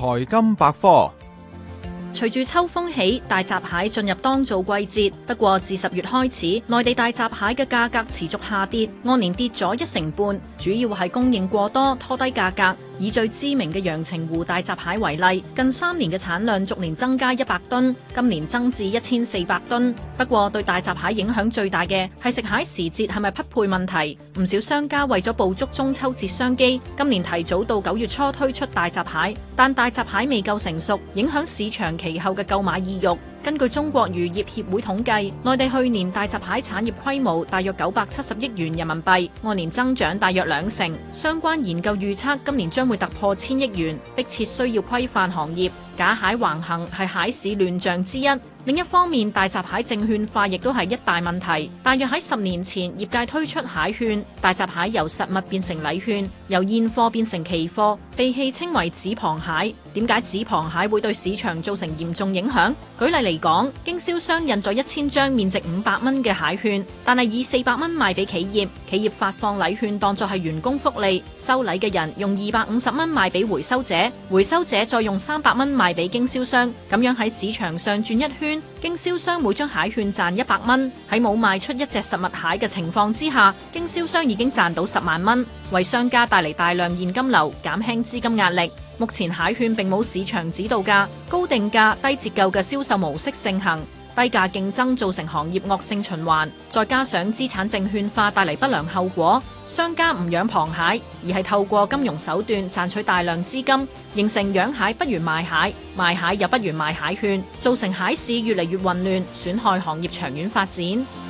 財經百科。隨住秋風起，大閘蟹進入當造季節。不過自十月開始，內地大閘蟹嘅價格持續下跌，按年跌咗一成半，主要係供應過多，拖低價格。以最知名嘅陽澄湖大閘蟹為例，近三年嘅產量逐年增加一百噸，今年增至一千四百噸。不過對大閘蟹影響最大嘅係食蟹時節係咪匹配問題。唔少商家為咗捕捉中秋節商機，今年提早到九月初推出大閘蟹，但大閘蟹未夠成熟，影響市場期其後嘅購買意欲，根據中國漁業協會統計，內地去年大閘蟹產業規模大約九百七十億元人民幣，按年增長大約兩成。相關研究預測，今年將會突破千億元。迫切需要規範行業，假蟹橫行係蟹市亂象之一。另一方面，大閘蟹證券化亦都係一大問題。大約喺十年前，業界推出蟹券，大閘蟹由實物變成禮券，由現貨變成期貨，被戲稱為紙螃蟹。點解紙螃蟹會對市場造成嚴重影響？舉例嚟講，經銷商印咗一千張面值五百蚊嘅蟹券，但係以四百蚊賣俾企業，企業發放禮券當作係員工福利，收禮嘅人用二百五十蚊賣俾回收者，回收者再用三百蚊賣俾經銷商，咁樣喺市場上轉一圈，經銷商每張蟹券賺一百蚊。喺冇賣出一隻實物蟹嘅情況之下，經銷商已經賺到十萬蚊，為商家帶嚟大量現金流，減輕資金壓力。目前蟹券並冇市場指導價，高定價低折扣嘅銷售模式盛行，低價競爭造成行業惡性循環。再加上資產證券化帶嚟不良後果，商家唔養螃蟹，而係透過金融手段賺取大量資金，形成養蟹不如賣蟹，賣蟹又不如賣蟹券，造成蟹市越嚟越混亂，損害行業長遠發展。